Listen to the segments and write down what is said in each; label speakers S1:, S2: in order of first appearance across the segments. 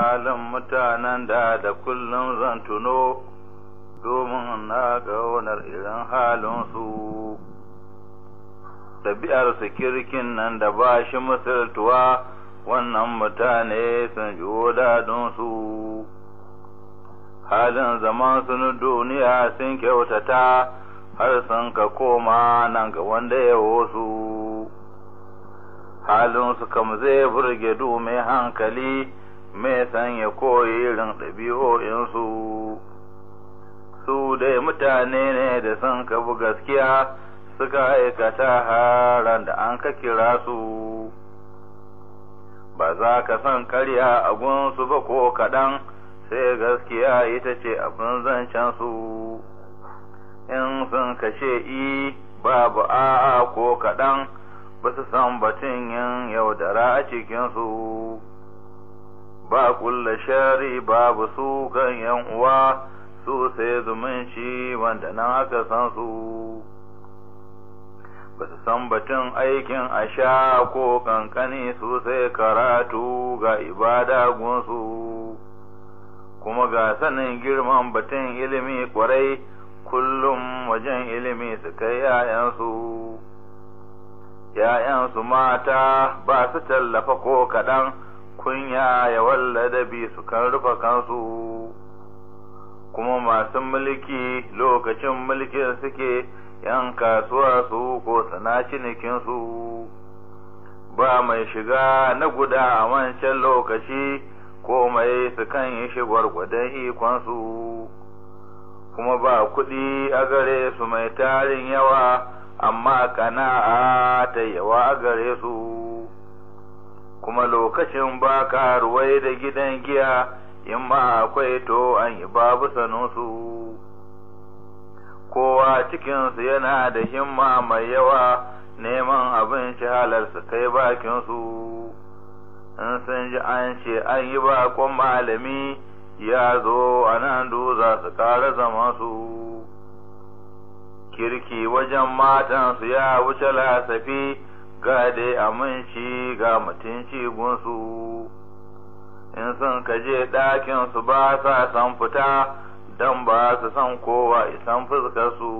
S1: halin mutanen da da kullum zan tuno domin na ƙaunar irin halinsu su kirkin nan da ba shi misaltuwa wannan mutane sun ji dadinsu halin zaman sun duniya sun kyautata har sun ka koma nan ga wanda ya wasu halin su kam zai burge du hankali mai sanya koyi irin ɗabi'o'insu su dai mutane ne da sun kafu gaskiya suka aikata haran da an ka kira su ba za ka san karya a gunsu ba ko kaɗan sai gaskiya ita ce abin zancen su in sun kashe i babu a'a ko kaɗan ba su san batun yin yaudara a cikinsu ba ƙulla shari babu su kan yan uwa su sai zumunci wanda nan aka san su ba su san batun aikin a sha ko kankani su sai karatu ga ibada gunsu kuma ga sanin girman batun ilimi kwarai kullum wajen ilimi su kai ‘ya'yansu, ‘ya'yansu mata ba su tallafa ko kaɗan kunya ya bi su kan rufa kansu kuma masu mulki lokacin mulkin suke yan kasuwa su ko sana cinikinsu ba mai shiga na guda a wancan lokaci ko mai su kan yi shigar gwadon ikonsu kuma ba kuɗi a gare su mai tarin yawa amma kana'a ta yawa a gare su kuma lokacin ba ruwai da gidan giya in ma akwai to an yi babu sanusu kowa cikinsu yana da himma mai yawa neman abin halarsa kai bakinsu in sun ji an ce an yi bakon malami ya zo a nan duza su kara zama su kirki wajen matansu ya wuce lasafi ga dai aminci ga mutunci gunsu in sun kaje ɗakinsu su ba sa san fita don ba su san kowa isan fuskarsu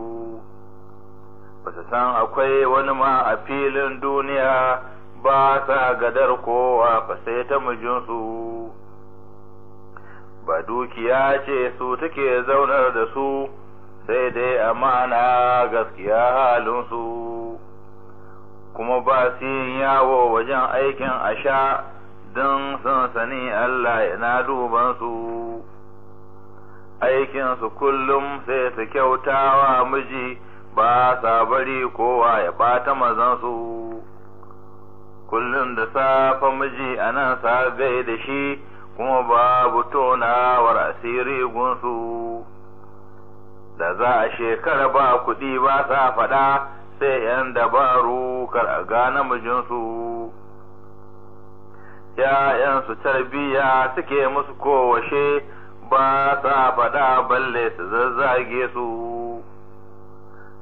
S1: ba su san akwai wani ma a filin duniya ba sa gadar kowa fa sai ta mijinsu ba dukiya ce su take zaunar da su sai dai amana gaskiya halinsu kuma ba su yin yawo wajen aikin asha don sun sani Allah yana duban su aikinsu kullum sai su kyautawa miji ba sa bari kowa ya ɓata mazansu kullum da safe miji a nan sagai da shi kuma babu tonawar asiri gunsu da za a shekara ba kuɗi ba sa faɗa sai ‘yan dabaru kar a gane mijinsu, su tarbiyya suke musu kowashe ba sa faɗa balle su zazzage su,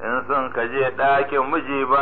S1: in sun kaje ɗakin miji ba.